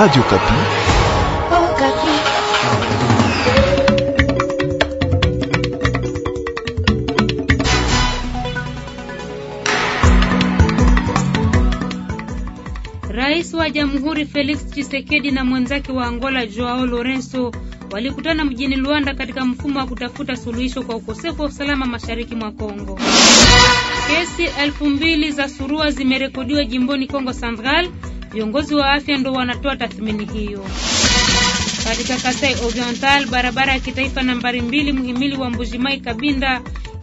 Radio Kapi. Oh, Kapi. Rais wa Jamhuri Felix Tshisekedi na mwenzake wa Angola Joao Lorenzo walikutana mjini Luanda katika mfumo wa kutafuta suluhisho kwa ukosefu wa usalama mashariki mwa Kongo. Kesi elfu mbili za surua zimerekodiwa jimboni Kongo Central Viongozi wa afya ndio wanatoa tathmini hiyo. Katika Kasai Oriental, barabara ya kitaifa nambari mbili mhimili wa Mbujimai Kabinda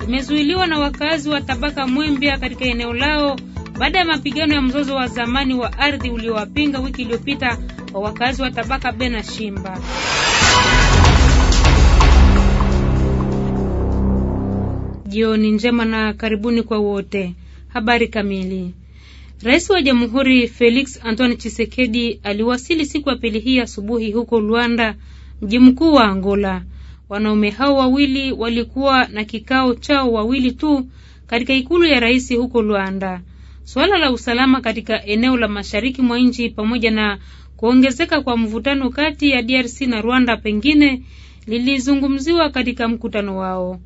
imezuiliwa na wakazi wa tabaka Mwembya katika eneo lao baada ya mapigano ya mzozo wa zamani wa ardhi uliowapinga wiki iliyopita kwa wakazi wa tabaka Bena Shimba. Jioni njema na karibuni kwa wote. Habari kamili. Rais wa Jamhuri Felix Antoine Tshisekedi aliwasili siku ya pili hii asubuhi huko Luanda, mji mkuu wa Angola. Wanaume hao wawili walikuwa na kikao chao wawili tu katika ikulu ya rais huko Luanda. Suala la usalama katika eneo la mashariki mwa nchi pamoja na kuongezeka kwa mvutano kati ya DRC na Rwanda pengine lilizungumziwa katika mkutano wao.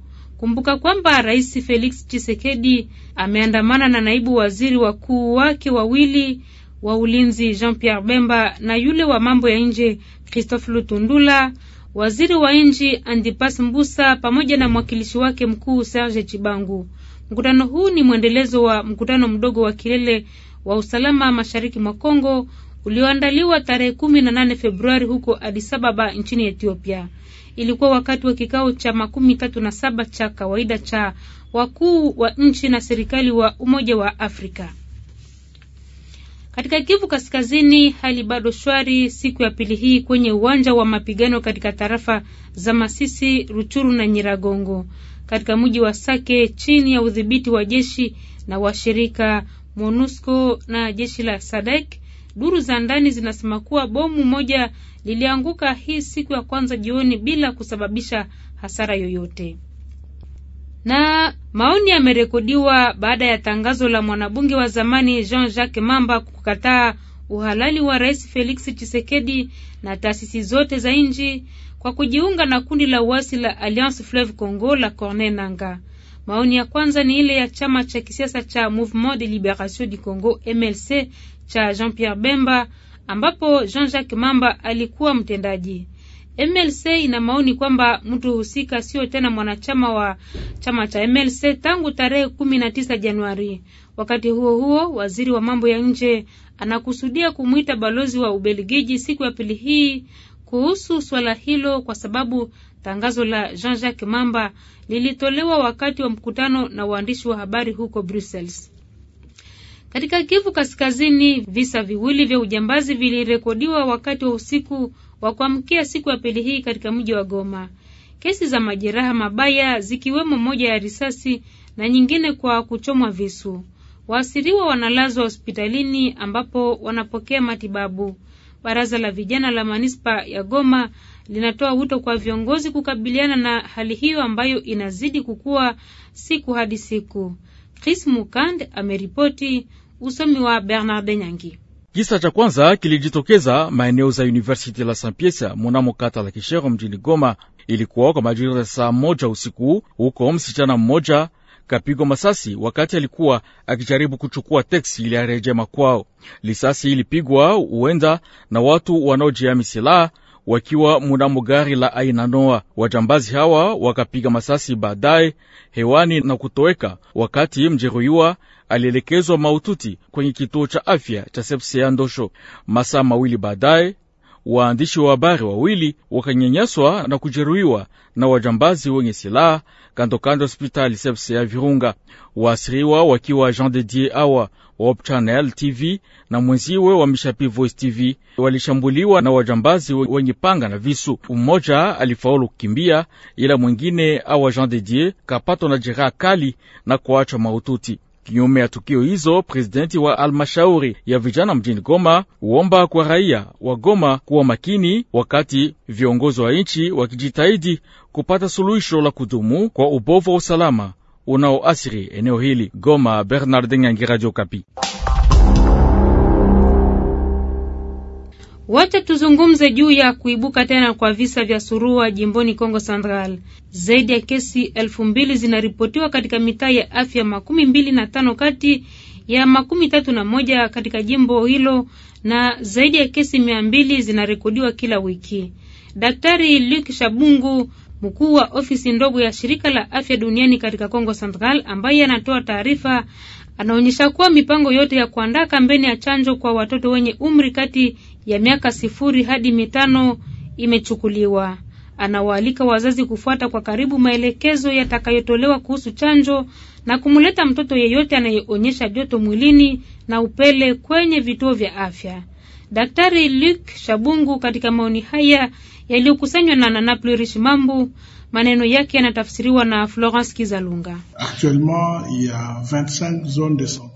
Kumbuka kwamba Rais Felix Tshisekedi ameandamana na naibu waziri wakuu wake wawili wa ulinzi Jean Pierre Bemba na yule wa mambo ya nje Christophe Lutundula, waziri wa nchi andipas Mbusa pamoja na mwakilishi wake mkuu Serge Chibangu. Mkutano huu ni mwendelezo wa mkutano mdogo wa kilele wa usalama mashariki mwa Kongo ulioandaliwa tarehe 18 Februari huko Addis Ababa nchini Ethiopia. Ilikuwa wakati wa kikao cha makumi tatu na saba cha kawaida cha wakuu wa nchi na serikali wa Umoja wa Afrika. Katika Kivu Kaskazini, hali bado shwari siku ya pili hii kwenye uwanja wa mapigano katika tarafa za Masisi, Ruchuru na Nyiragongo. Katika mji wa Sake, chini ya udhibiti wa jeshi na washirika MONUSCO na jeshi la SADC, Duru za ndani zinasema kuwa bomu moja lilianguka hii siku ya kwanza jioni bila kusababisha hasara yoyote. Na maoni yamerekodiwa baada ya tangazo la mwanabunge wa zamani Jean-Jacques Mamba kukataa uhalali wa Rais Felix Tshisekedi na taasisi zote za nchi kwa kujiunga na kundi la uasi la Alliance Fleuve Congo la Corne Nanga. Maoni ya kwanza ni ile ya chama cha kisiasa cha Mouvement de Liberation du Congo MLC cha Jean-Pierre Bemba ambapo Jean-Jacques Mamba alikuwa mtendaji. MLC ina maoni kwamba mtu husika sio tena mwanachama wa chama cha MLC tangu tarehe 19 Januari. Wakati huo huo, waziri wa mambo ya nje anakusudia kumwita balozi wa Ubelgiji siku ya pili hii kuhusu swala hilo kwa sababu tangazo la Jean-Jacques Mamba lilitolewa wakati wa mkutano na waandishi wa habari huko Brussels. Katika Kivu Kaskazini, visa viwili vya ujambazi vilirekodiwa wakati wa usiku wa kuamkia siku ya pili hii katika mji wa Goma. Kesi za majeraha mabaya zikiwemo moja ya risasi na nyingine kwa kuchomwa visu. Waasiriwa wanalazwa hospitalini ambapo wanapokea matibabu. Baraza la vijana la manispa ya Goma linatoa wito kwa viongozi kukabiliana na hali hiyo ambayo inazidi kukua siku hadi siku. Chris Mukand ameripoti. Usomi wa Bernard Nyangi. Kisa cha kwanza kilijitokeza maeneo za University la San Piesa munamo kata la Kishero mjini Goma. Ilikuwa kwa majira ya saa moja usiku, huko msichana mmoja kapigwa masasi wakati alikuwa akijaribu kuchukua teksi ili arejea makwao. Lisasi ilipigwa huenda na watu wanaojiami silaha wakiwa mnamo gari la aina Noa. Wajambazi hawa wakapiga masasi baadaye hewani na kutoweka, wakati mjeruhiwa alielekezwa maututi kwenye kituo cha afya cha Sepsia Ndosho. Masaa mawili baadaye waandishi wa habari wawili wakanyanyaswa na kujeruhiwa na wajambazi wenye silaha kando kando hospitali sepse ya Virunga, waasiriwa wakiwa Jean de Dieu awa wa Hope Channel TV na mwenziwe wa Mishapi Voice TV walishambuliwa na wajambazi wenye panga na visu. Mmoja alifaulu kukimbia, ila mwingine awa Jean de Dieu kapatwa na jeraha kali na kuachwa mahututi. Kinyume ya tukio hizo, presidenti wa almashauri ya vijana mjini Goma huomba kwa raia wa Goma kuwa makini wakati viongozi wa nchi wakijitahidi kupata suluhisho la kudumu kwa ubovu wa usalama unaoasiri eneo hili. Goma, Bernard Nyangira, Radio Wacha tuzungumze juu ya kuibuka tena kwa visa vya surua jimboni Kongo Central. Zaidi ya kesi elfu mbili zinaripotiwa katika mitaa ya afya makumi mbili na tano kati ya makumi tatu na moja katika jimbo hilo na zaidi ya kesi mia mbili zinarekodiwa kila wiki. Daktari luk Shabungu, mkuu wa ofisi ndogo ya shirika la afya duniani katika Kongo Central, ambaye anatoa taarifa, anaonyesha kuwa mipango yote ya kuandaa kampeni ya chanjo kwa watoto wenye umri kati ya miaka sifuri hadi mitano imechukuliwa. Anawaalika wazazi kufuata kwa karibu maelekezo yatakayotolewa kuhusu chanjo na kumleta mtoto yeyote anayeonyesha joto mwilini na upele kwenye vituo vya afya. Daktari luk Shabungu katika maoni haya yaliyokusanywa na Nanaplurish Mambu Maneno yake yanatafsiriwa na Florence Kizalunga.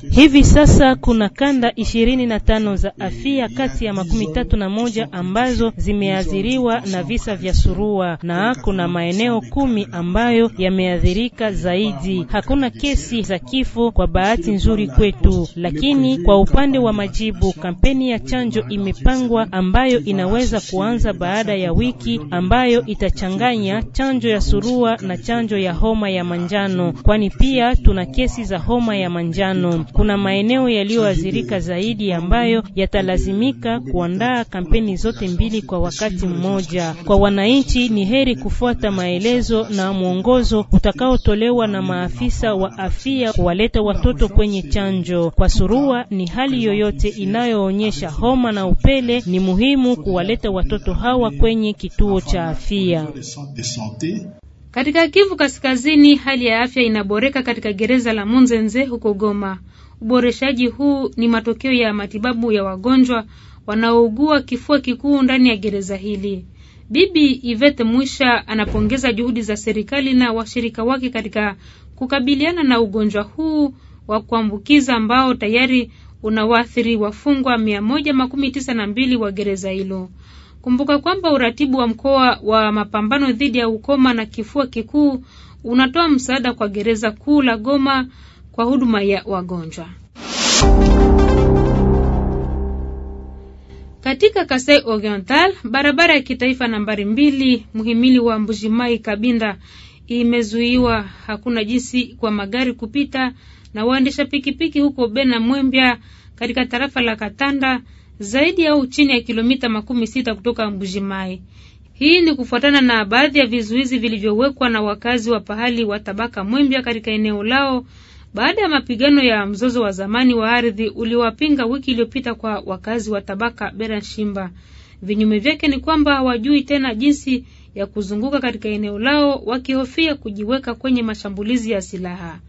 Hivi sasa kuna kanda ishirini na tano za afya kati ya makumi tatu na moja ambazo zimeathiriwa na visa vya surua na kuna maeneo kumi ambayo yameathirika zaidi. Hakuna kesi za kifo kwa bahati nzuri kwetu, lakini kwa upande wa majibu, kampeni ya chanjo imepangwa ambayo inaweza kuanza baada ya wiki ambayo itachanganya chanjo chanjo ya surua na chanjo ya homa ya manjano, kwani pia tuna kesi za homa ya manjano. Kuna maeneo yaliyoathirika zaidi ambayo yatalazimika kuandaa kampeni zote mbili kwa wakati mmoja. Kwa wananchi, ni heri kufuata maelezo na mwongozo utakaotolewa na maafisa wa afya kuwaleta watoto kwenye chanjo. Kwa surua ni hali yoyote inayoonyesha homa na upele, ni muhimu kuwaleta watoto hawa kwenye kituo cha afya. Katika Kivu Kaskazini, hali ya afya inaboreka katika gereza la Munzenze huko Goma. Uboreshaji huu ni matokeo ya matibabu ya wagonjwa wanaougua kifua kikuu ndani ya gereza hili. Bibi Ivete Mwisha anapongeza juhudi za serikali na washirika wake katika kukabiliana na ugonjwa huu wa kuambukiza ambao tayari unawaathiri wafungwa 192 wa gereza hilo. Kumbuka kwamba uratibu wa mkoa wa mapambano dhidi ya ukoma na kifua kikuu unatoa msaada kwa gereza kuu la Goma kwa huduma ya wagonjwa. Katika Kasai Oriental, barabara ya kitaifa nambari mbili, muhimili wa Mbujimai Kabinda imezuiwa, hakuna jinsi kwa magari kupita na waendesha pikipiki huko Bena Mwembya katika tarafa la Katanda zaidi au chini ya kilomita makumi sita kutoka Mbujimai. Hii ni kufuatana na baadhi ya vizuizi vilivyowekwa na wakazi wa pahali wa tabaka Mwimbya katika eneo lao baada ya mapigano ya mzozo wa zamani wa ardhi uliowapinga wiki iliyopita kwa wakazi wa tabaka bera shimba Vinyume vyake ni kwamba hawajui tena jinsi ya kuzunguka katika eneo lao, wakihofia kujiweka kwenye mashambulizi ya silaha.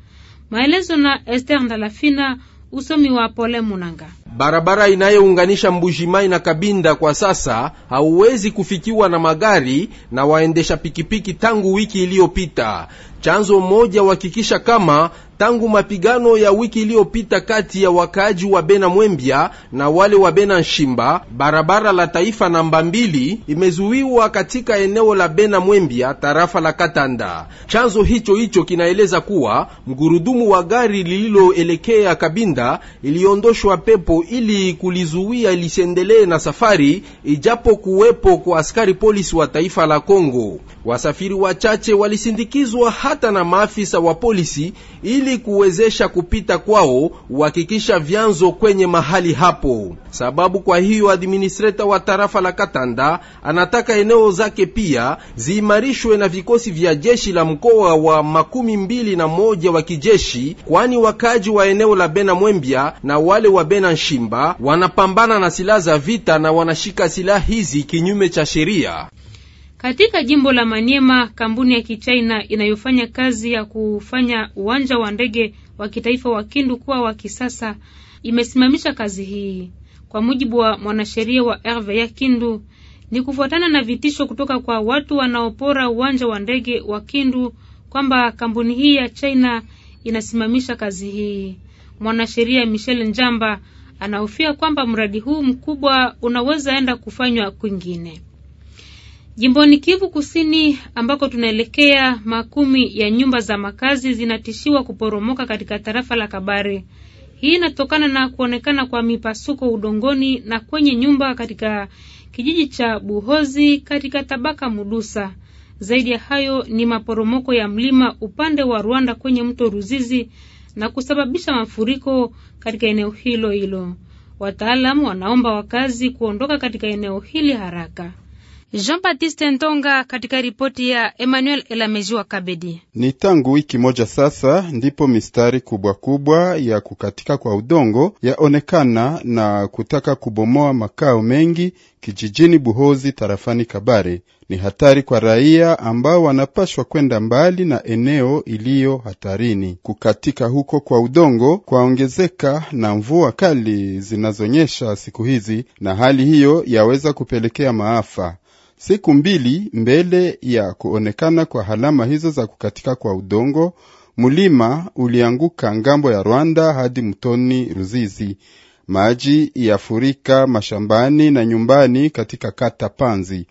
Maelezo na Esther Ndalafina. Usomi wa Pole Munanga. Barabara inayounganisha Mbujimai na Kabinda kwa sasa hauwezi kufikiwa na magari na waendesha pikipiki tangu wiki iliyopita. Chanzo mmoja uhakikisha kama tangu mapigano ya wiki iliyopita kati ya wakaaji wa Bena Mwembya na wale wa Bena Nshimba, barabara la taifa namba mbili imezuiwa katika eneo la Bena Mwembya, tarafa la Katanda. Chanzo hicho hicho kinaeleza kuwa mgurudumu wa gari lililoelekea Kabinda iliondoshwa pepo ili kulizuia lisiendelee na safari, ijapo kuwepo kwa askari polisi wa taifa la Kongo. Wasafiri wachache walisindikizwa hata na maafisa wa polisi ili ili kuwezesha kupita kwao uhakikisha vyanzo kwenye mahali hapo. Sababu kwa hiyo administreta wa tarafa la Katanda anataka eneo zake pia ziimarishwe na vikosi vya jeshi la mkoa wa makumi mbili na moja wa kijeshi, kwani wakaji wa eneo la Bena Mwembya na wale wa Bena Nshimba wanapambana na silaha za vita na wanashika silaha hizi kinyume cha sheria. Katika jimbo la Maniema, kampuni ya Kichina inayofanya kazi ya kufanya uwanja wa ndege wa kitaifa wa Kindu kuwa wa kisasa imesimamisha kazi hii. Kwa mujibu wa mwanasheria wa RVA Kindu, ni kufuatana na vitisho kutoka kwa watu wanaopora uwanja wa ndege wa Kindu kwamba kampuni hii ya China inasimamisha kazi hii. Mwanasheria Michel Njamba anahofia kwamba mradi huu mkubwa unaweza enda kufanywa kwingine. Jimboni Kivu Kusini ambako tunaelekea, makumi ya nyumba za makazi zinatishiwa kuporomoka katika tarafa la Kabare. Hii inatokana na kuonekana kwa mipasuko udongoni na kwenye nyumba katika kijiji cha Buhozi katika tabaka Mudusa. Zaidi ya hayo ni maporomoko ya mlima upande wa Rwanda kwenye mto Ruzizi na kusababisha mafuriko katika eneo hilo hilo. Wataalamu wanaomba wakazi kuondoka katika eneo hili haraka. Jean Baptiste Ntonga katika ripoti ya Emmanuel wa Kabedi. Ni tangu wiki moja sasa ndipo mistari kubwa kubwa ya kukatika kwa udongo yaonekana na kutaka kubomoa makao mengi kijijini Buhozi tarafani Kabare. Ni hatari kwa raia ambao wanapashwa kwenda mbali na eneo iliyo hatarini. Kukatika huko kwa udongo kwaongezeka na mvua kali zinazonyesha siku hizi, na hali hiyo yaweza kupelekea maafa siku mbili mbele ya kuonekana kwa halama hizo za kukatika kwa udongo, mlima ulianguka ngambo ya Rwanda hadi mtoni Ruzizi. Maji yafurika mashambani na nyumbani katika kata Panzi.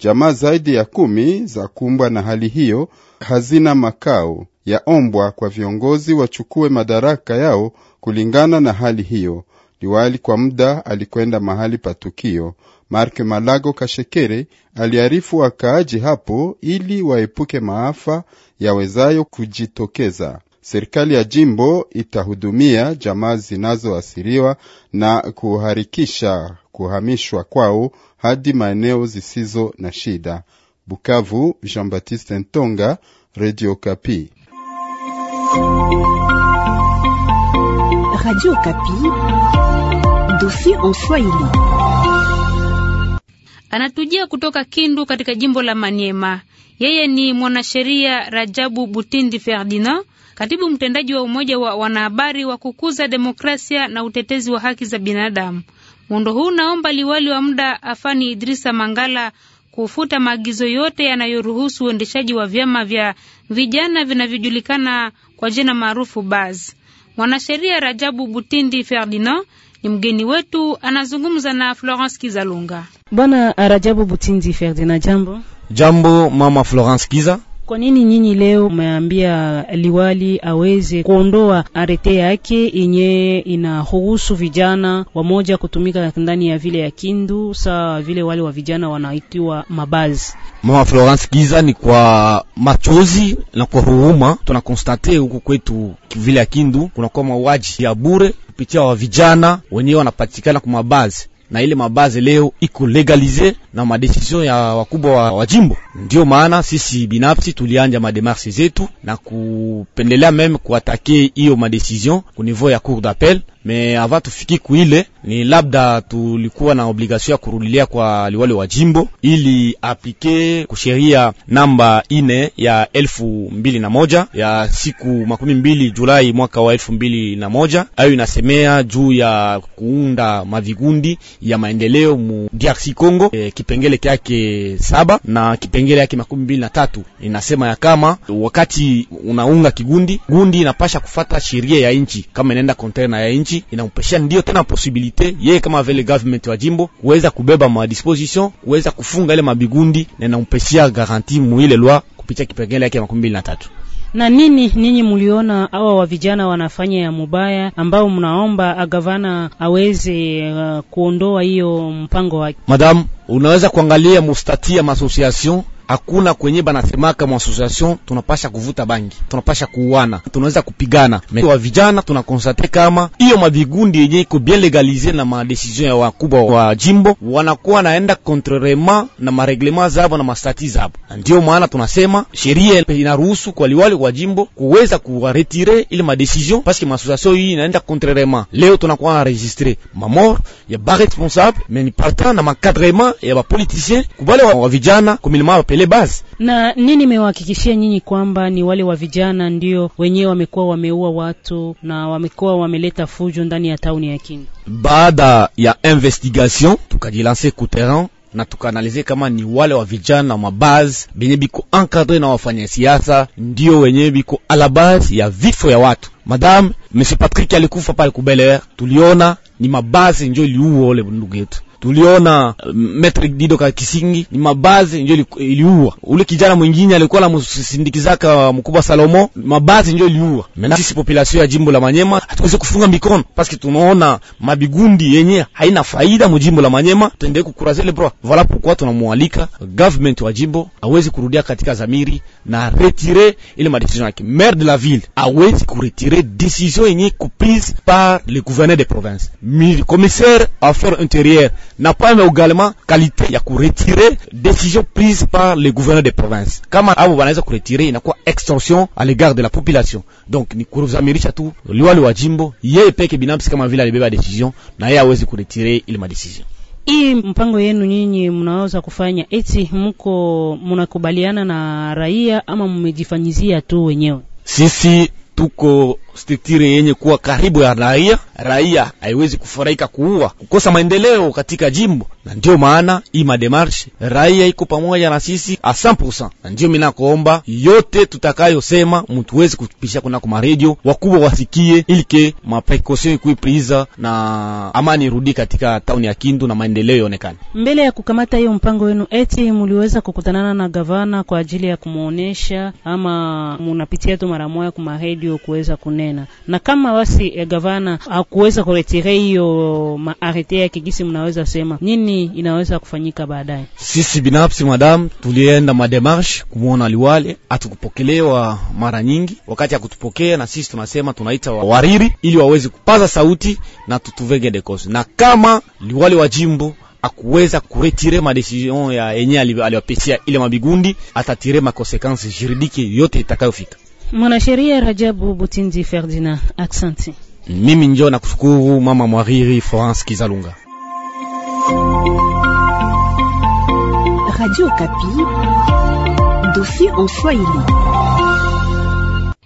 Jamaa zaidi ya kumi za kumbwa na hali hiyo hazina makao, yaombwa kwa viongozi wachukue madaraka yao kulingana na hali hiyo. Liwali kwa muda alikwenda mahali pa tukio. Mark Malago Kashekere aliarifu wakaaji hapo ili waepuke maafa yawezayo kujitokeza. Serikali ya jimbo itahudumia jamaa zinazoasiriwa na kuharikisha kuhamishwa kwao hadi maeneo zisizo na shida. Bukavu, Jean Baptiste Ntonga, Radio Kapi. Radio Kapi, dossier en Swahili anatujia kutoka Kindu katika jimbo la Maniema. Yeye ni mwanasheria Rajabu Butindi Ferdinand, katibu mtendaji wa umoja wa wanahabari wa kukuza demokrasia na utetezi wa haki za binadamu. Muundo huu naomba liwali wa muda Afani Idrisa Mangala kufuta maagizo yote yanayoruhusu uendeshaji wa vyama vya vijana vinavyojulikana kwa jina maarufu baz. Mwanasheria Rajabu Butindi Ferdinand ni mgeni wetu, anazungumza na Florence Kizalunga. Bwana Arajabu Butinzi Ferdinand, jambo. Jambo mama Florence Kiza. Kwa nini nyinyi leo umeambia liwali aweze kuondoa arete yake yenye inahusu vijana wamoja kutumika ndani ya vile ya Kindu, saa vile wale wa vijana wanaitiwa mabazi? Mama Florence Giza, ni kwa machozi na kwa huruma tunakonstate huku kwetu vile ya Kindu kunakuwa mauaji ya bure kupitia wa vijana wenyewe wanapatikana kwa mabazi na ile mabaze leo iko legalize na madesizio ya wakubwa wa, wa jimbo. Ndio maana sisi binafsi tulianja mademarshe zetu na kupendelea meme kuatake hiyo madesizio ku niveau ya cour d'appel me ava tufiki kuile, ni labda tulikuwa na obligation ya kurudilia kwa liwali wa jimbo ili aplike kusheria namba ine ya elfu mbili na moja ya siku makumi mbili Julai mwaka wa elfu mbili na moja ayo inasemea juu ya kuunda mavigundi ya maendeleo mu DRC Congo. E, kipengele kyake saba na kipengele yake makumi mbili na tatu inasema ya kama wakati unaunga kigundi gundi inapasha kufata sheria ya nchi kama inaenda kontena ya nchi nchi inampeshia ndio tena posibilite yeye kama vile government wa jimbo kuweza kubeba ma disposition kuweza kufunga ile mabigundi na inampeshia garanti muile lwa kupitia kipengele yake makumi mbili na tatu na nini ninyi mliona hawa wa vijana wanafanya ya mubaya ambao mnaomba agavana aweze uh, kuondoa hiyo mpango wake? Madam, unaweza kuangalia mustati ya hakuna kwenye banasemaka mwa association tunapasha kuvuta bangi, tunapasha kuuana, tunaweza kupigana me wa vijana tunakonstate kama hiyo mavigundi yenye iko bien legalize na madecision ya wakubwa wa jimbo wanakuwa naenda contrairement na mareglema zabo na mastati zabo. Ndio maana tunasema sheria inaruhusu kwa liwali wa jimbo kuweza kuwaretire ile madecision parce que association hii inaenda contrairement. Leo tunakuwa na registre mamor ya ba responsable mais ni partant na makadrema ya ba politicien kubale wa, wa vijana kumilima wa ile basi. Na nini mewahakikishia nyinyi kwamba ni wale wa vijana ndio wenyewe wamekuwa wameua watu na wamekuwa wameleta fujo ndani ya tauni ya Kindu? Baada ya investigation tukajilanse kuteran na tukaanalize kama ni wale wa vijana mabazi benye biko encadre na wafanya siasa ndio wenye biko ala base ya vifo ya watu. Madame Monsieur Patrick alikufa pale Kubeleer, tuliona ni mabazi njo iliua ole ndugu yetu tuliona eh, Maitre Dido ka kisingi ni mabazi ndio iliua ule kijana mwingine alikuwa na namusindikizaka mkubwa Salomo, mabazi ndio iliua mena. Sisi population ya jimbo la Manyema hatuwezi kufunga mikono paske tunaona mabigundi yenye haina faida mujimbo la Manyema, tuendee kukuraze le bro. Voila pourquoi tunamwalika government wa jimbo awezi kurudia katika zamiri na retire ile madecision yake. Maire de la ville awezi kuretire decision yenye kuprise par le gouverneur de province, commissaire affaires intérieures na pame ugalema kalite ya retirer décision prise par le gouverneur de province. Kama abo banaweza kuretire, inakuwa extorsion a l'égard de la population. Donc ni kuzamirisha tu liwali wa jimbo yeye peke binafsi, kama vile alibeba decision na yeye hawezi kuretire ile madecision hii mpango yenu nyinyi mnaweza kufanya eti mko mnakubaliana na raia ama mmejifanyizia tu wenyewe? Sisi tuko struktiri yenye kuwa karibu ya raia. Raia haiwezi kufurahika kuua kukosa maendeleo katika jimbo, na ndio maana hii mademarshe raia iko pamoja na sisi a 100%, na mimi minakoomba yote tutakayosema mtuwezi kupisha kunako maredio, wakubwa wasikie, ilike maprekosio ikuwe priza na amani irudi katika tauni ya Kindu na maendeleo yaonekane. Mbele ya kukamata hiyo mpango wenu, eti mliweza kukutanana na gavana kwa ajili ya kumuonesha ama munapitia tu mara moja kwa maredio kuweza kune tena, na kama basi eh, gavana akuweza kuretire hiyo maarete ya kigisi, mnaweza sema nini inaweza kufanyika baadaye? Sisi binafsi madam, tulienda mademarshe kumwona liwale, hatukupokelewa mara nyingi. Wakati ya kutupokea na sisi tunasema tunaita wawariri ili waweze kupaza sauti na tutuvege dekosi, na kama liwale wa jimbo akuweza kuretire madecision ya enye aliwapesia ile mabigundi, atatire makonsekansi juridiki yote itakayofika. Mwanasheria Rajabu Butindi Ferdinand, aksanti. Mimi njo nakushukuru mama mwariri Florence Kizalunga. Radio Kapi, dofi en Swahili.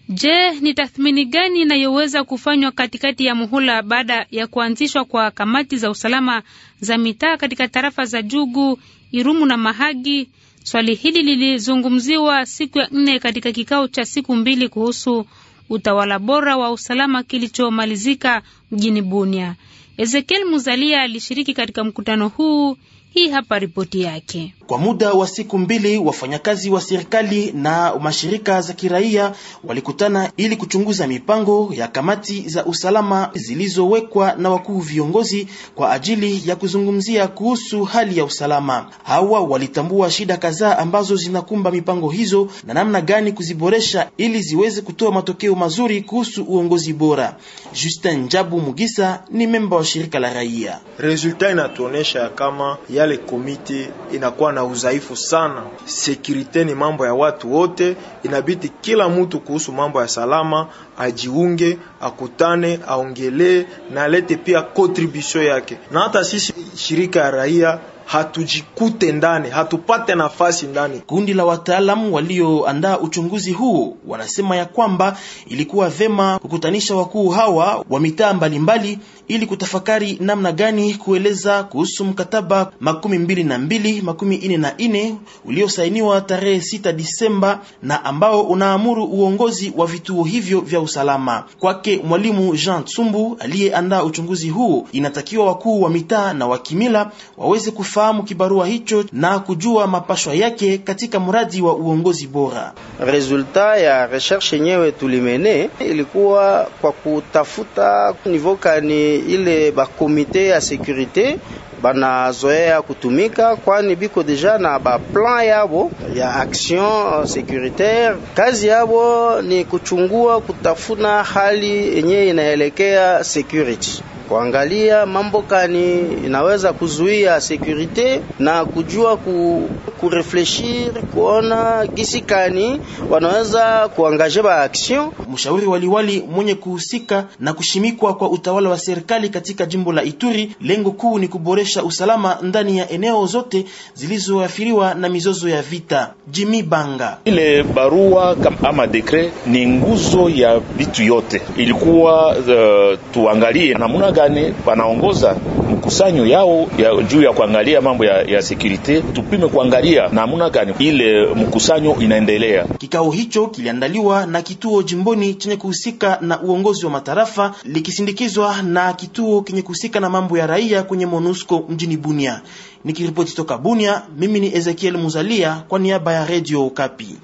Je, ni tathmini gani inayoweza kufanywa katikati ya muhula baada ya kuanzishwa kwa kamati za usalama za mitaa katika tarafa za Jugu, Irumu na Mahagi? Swali hili lilizungumziwa siku ya nne katika kikao cha siku mbili kuhusu utawala bora wa usalama kilichomalizika mjini Bunia. Ezekiel Muzalia alishiriki katika mkutano huu. Hii hapa ripoti yake. Kwa muda wa siku mbili, wafanyakazi wa serikali na mashirika za kiraia walikutana ili kuchunguza mipango ya kamati za usalama zilizowekwa na wakuu viongozi kwa ajili ya kuzungumzia kuhusu hali ya usalama. Hawa walitambua shida kadhaa ambazo zinakumba mipango hizo na namna gani kuziboresha ili ziweze kutoa matokeo mazuri kuhusu uongozi bora. Justin Njabu Mugisa ni memba wa shirika la raia. Resulta inatuonesha kama yale komiti inakuwa na udhaifu sana. Sekirite ni mambo ya watu wote, inabidi kila mtu kuhusu mambo ya salama ajiunge, akutane, aongelee na alete pia contribution yake, na hata sisi shirika ya raia hatujikute ndani, hatupate nafasi ndani. Kundi la wataalamu walioandaa uchunguzi huu wanasema ya kwamba ilikuwa vema kukutanisha wakuu hawa wa mitaa mbalimbali ili kutafakari namna gani kueleza kuhusu mkataba makumi mbili na mbili makumi ine na ine uliosainiwa tarehe 6 Disemba na ambao unaamuru uongozi wa vituo hivyo vya usalama. Kwake mwalimu Jean Tsumbu aliyeandaa uchunguzi huu, inatakiwa wakuu wa mitaa na wakimila waweze kufahamu kibarua hicho na kujua mapashwa yake katika mradi wa uongozi bora. Resulta ya recherche yenyewe tulimene ilikuwa kwa kutafuta nivokani ile bakomite ya sekurite banazoea kutumika, kwani biko deja na baplan yabo ya action euh, securitaire. Kazi yabo ni kuchungua, kutafuna hali yenye inaelekea security kuangalia mambo kani inaweza kuzuia sekurite na kujua ku, kurefleshir kuona gisi kani wanaweza kuangaje ba action. Mshauri waliwali mwenye kuhusika na kushimikwa kwa utawala wa serikali katika jimbo la Ituri, lengo kuu ni kuboresha usalama ndani ya eneo zote zilizoathiriwa na mizozo ya vita. Jimmy Banga: ile barua ama dekre ni nguzo ya vitu yote, ilikuwa uh, tuangalie namuna Marekani wanaongoza mkusanyo yao ya juu ya kuangalia mambo ya, ya sekurite. Tupime kuangalia namna gani ile mkusanyo inaendelea. Kikao hicho kiliandaliwa na kituo jimboni chenye kuhusika na uongozi wa matarafa likisindikizwa na kituo kenye kuhusika na mambo ya raia kwenye MONUSCO mjini Bunia. Nikiripoti toka Bunia, mimi ni Ezekiel Muzalia kwa niaba ya redio Okapi.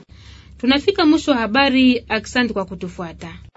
Tunafika mwisho wa habari. Aksanti kwa kutufuata.